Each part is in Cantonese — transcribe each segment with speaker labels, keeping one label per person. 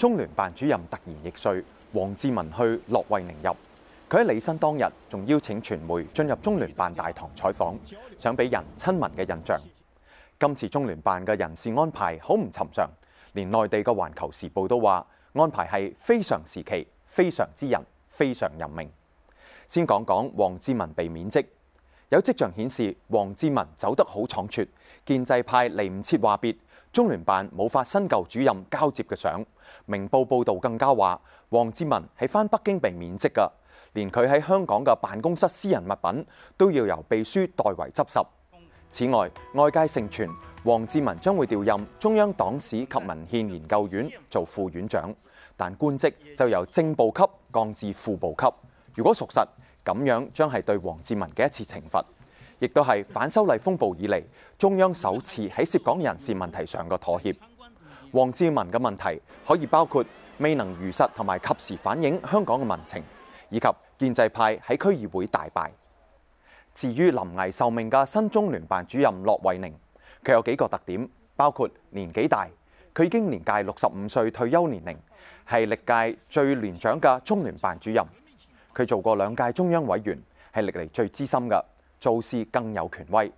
Speaker 1: 中聯辦主任突然易帥，王志民去駱惠寧入。佢喺離任當日仲邀請傳媒進入中聯辦大堂採訪，想俾人親民嘅印象。今次中聯辦嘅人事安排好唔尋常，連內地嘅環球時報都話安排係非常時期，非常之人，非常任命。先講講王志民被免職。有跡象顯示，王志民走得好倉促，建制派嚟唔切話別，中聯辦冇發新舊主任交接嘅相。明報報導更加話，王志民係翻北京被免職嘅，連佢喺香港嘅辦公室私人物品都要由秘書代為執拾。此外，外界盛傳王志民將會調任中央黨史及文獻研究院做副院長，但官職就由正部級降至副部級。如果屬實，咁樣將係對王志民嘅一次懲罰，亦都係反修例風暴以嚟中央首次喺涉港人事問題上嘅妥協。王志民嘅問題可以包括未能如實同埋及時反映香港嘅民情，以及建制派喺區議會大敗。至於臨危受命嘅新中聯辦主任駱惠寧，佢有幾個特點，包括年紀大，佢已經年屆六十五歲退休年齡，係歷屆最年長嘅中聯辦主任。佢做過兩屆中央委員，係歷嚟最資深嘅，做事更有權威。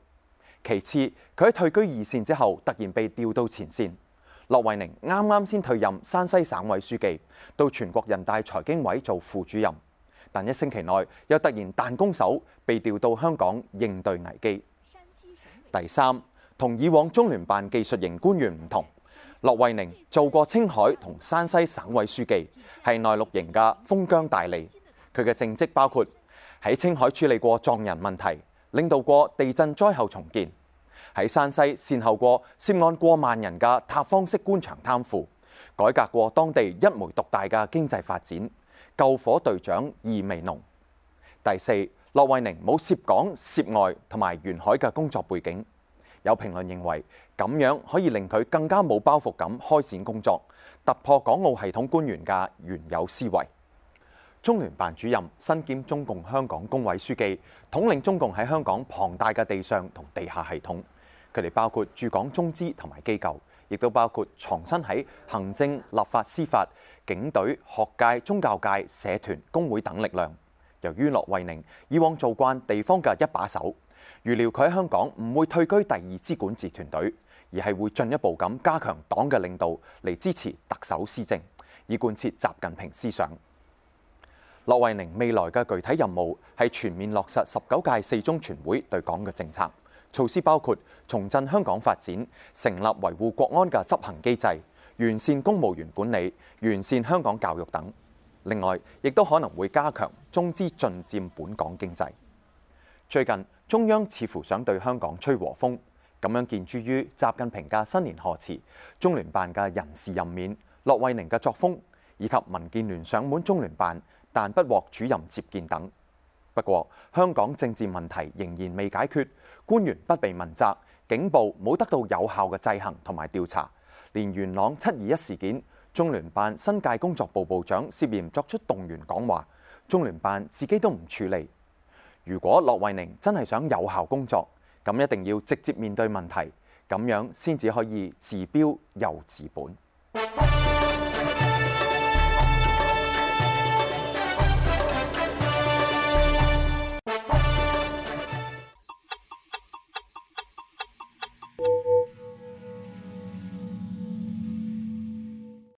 Speaker 1: 其次，佢喺退居二線之後，突然被調到前線。駱惠寧啱啱先退任山西省委書記，到全國人大財經委做副主任，但一星期內又突然彈弓手，被調到香港應對危機。第三，同以往中聯辦技術型官員唔同，駱惠寧做過青海同山西省委書記，係內陸型嘅封疆大吏。佢嘅政績包括喺青海處理過藏人問題，領導過地震災後重建；喺山西善後過涉案過萬人嘅塌方式官場貪腐，改革過當地一煤獨大嘅經濟發展。救火隊長意味濃。第四，駱惠寧冇涉港、涉外同埋沿海嘅工作背景，有評論認為咁樣可以令佢更加冇包袱感開展工作，突破港澳系統官員嘅原有思維。中聯辦主任身兼中共香港工委書記，統領中共喺香港龐大嘅地上同地下系統。佢哋包括駐港中資同埋機構，亦都包括藏身喺行政、立法、司法、警隊、學界、宗教界、社團、工會等力量。由於駱惠寧以往做慣地方嘅一把手，預料佢喺香港唔會退居第二支管治團隊，而係會進一步咁加強黨嘅領導嚟支持特首施政，以貫徹習近平思想。駱惠寧未來嘅具體任務係全面落實十九屆四中全會對港嘅政策措施，包括重振香港發展、成立維護國安嘅執行機制、完善公務員管理、完善香港教育等。另外，亦都可能會加強中資進占本港經濟。最近中央似乎想對香港吹和風，咁樣見諸於習近平嘅新年賀詞、中聯辦嘅人事任免、駱惠寧嘅作風以及民建聯上門中聯辦。但不獲主任接見等。不過，香港政治問題仍然未解決，官員不被問責，警暴冇得到有效嘅制衡同埋調查。連元朗七二一事件，中聯辦新界工作部部長涉嫌作出動員講話，中聯辦自己都唔處理。如果駱惠寧真係想有效工作，咁一定要直接面對問題，咁樣先至可以治標又治本。